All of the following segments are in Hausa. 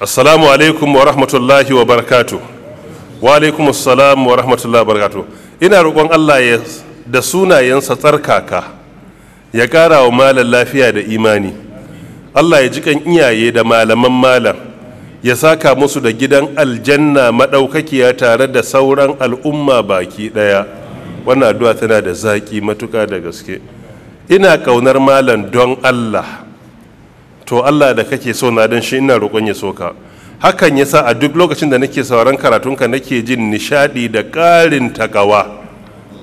assalamu alaikum wa rahmatullahi wa barakatu wa alaikum assalamu wa rahmatullahi wa barakatu ina roƙon Allah da sunayensa tsarkaka ya ƙara wa malam lafiya da imani Allah ya jikan iyaye da malaman malam ya saka musu da gidan aljanna maɗaukakiya tare da sauran al'umma baki ɗaya wannan addu'a tana da zaƙi matuƙa da gaske ina ƙaunar malam don Allah to Allah da kake so na dan shi ina roƙon ya so ka hakan yasa a duk lokacin da nake sauran karatun ka nake jin nishadi da ƙarin takawa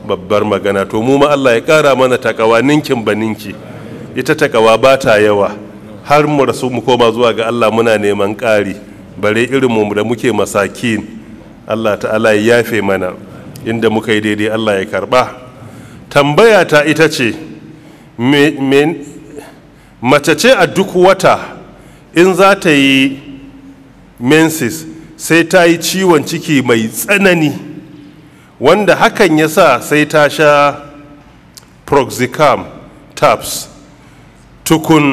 babbar magana to mu ma Allah ya ƙara mana takawa ninkin ba ninki ita takawa ba ta yawa har mu rasu mu koma zuwa ga Allah muna neman ƙari bare irin mu da muke masakin Allah ta'ala ya yafe mana inda muka yi daidai Allah ya karba tambaya ta ita ce mace ce a duk wata in za ta yi menses sai ta yi ciwon ciki mai tsanani wanda hakan ya sa sai ta sha proxicam taps tukun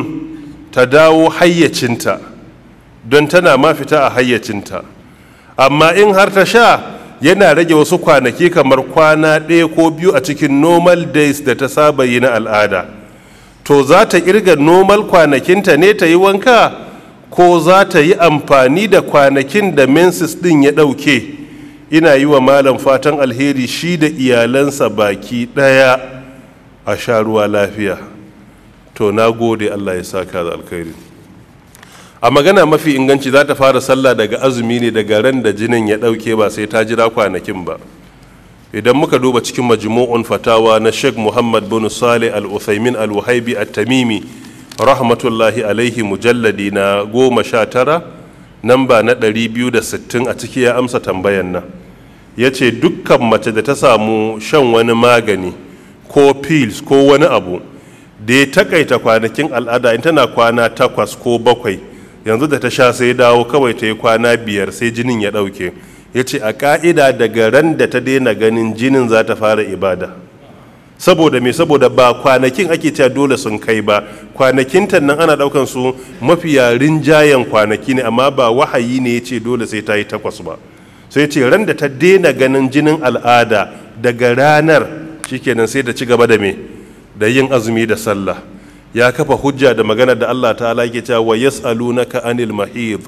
ta dawo hayyacinta don tana ma fita a hayyacinta amma in har ta sha yana rage wasu kwanaki kamar kwana ɗaya ko biyu a cikin normal days da ta saba yi na al'ada to za ta irga normal kwanakinta ne ta yi wanka ko za ta yi amfani da kwanakin da mensis din ya ɗauke ina yi wa malam fatan alheri shi da iyalansa baki ɗaya a sha ruwa lafiya to na gode allah ya saka da alkhairi a magana mafi inganci za ta fara sallah daga azumi ne daga ran da jinin ya ɗauke ba sai ta jira kwanakin ba idan muka duba cikin majmu'un fatawa na sheikh muhammad bin sale al-uthaymin al wahaibi at-tamimi rahmatullahi alaihi mujalladi na goma sha tara lamba na biyu da sittin a ciki ya amsa tambayan nan ya ce dukkan mace da ta samu shan wani magani ko pills ko wani abu da ya takaita kwanakin al'ada in tana kwana takwas ko bakwai yanzu da ta sha sai dawo kawai ta yi kwana biyar sai jinin ya ɗauke ya ce a ƙa'ida daga ran da ta daina ganin jinin za ta fara ibada saboda me saboda ba kwanakin ake cewa dole sun kai ba kwanakin ta nan ana daukan su mafiya rinjayen kwanaki ne amma ba wahayi ne ya ce dole sai ta yi takwas ba sai ce ran da ta daina ganin jinin al'ada daga ranar shikenan sai ta ci gaba da me da yin azumi da sallah ya kafa hujja da magana da Allah ta'ala ke cewa wa yas'alunaka anil mahidh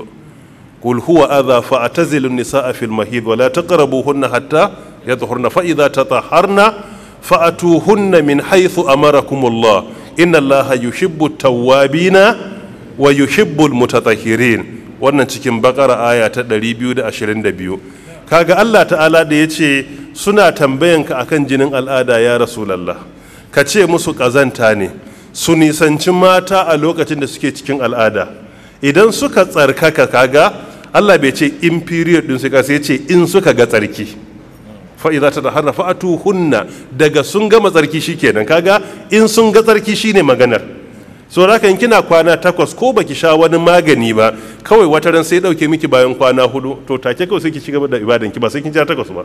قل هو أذى فأتزل النساء في المهيد ولا تقربوهن حتى يطهرن فإذا تطهرن فأتوهن من حيث أمركم الله إن الله يحب التوابين ويحب المتطهرين wannan cikin bakara aya ta 222 kaga Allah ta'ala da yace ce suna tambayanka akan jinin al'ada ya rasulallah ka ce musu ƙazanta ne su nisanci mata a lokacin da suke cikin al'ada idan suka tsarkaka kaga Allah bai ce in period din suka sai ce in suka ga tsarki fa idza tadahara fa atuhunna daga sun gama tsarki shikenan kaga in sun ga tsarki shine maganar so raka in kina kwana takwas ko baki sha wani magani ba kawai wata ran sai dauke miki bayan kwana hudu to take kawai sai ki cigaba da ibadan ki ba sai kin ja takwas ba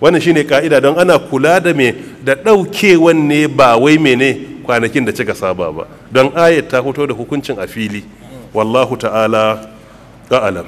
wannan shine ka'ida don ana kula da me da daukewan ne ba wai mene kwanakin da kika saba ba don ayat ta fito da hukuncin a fili wallahu ta'ala ده ألم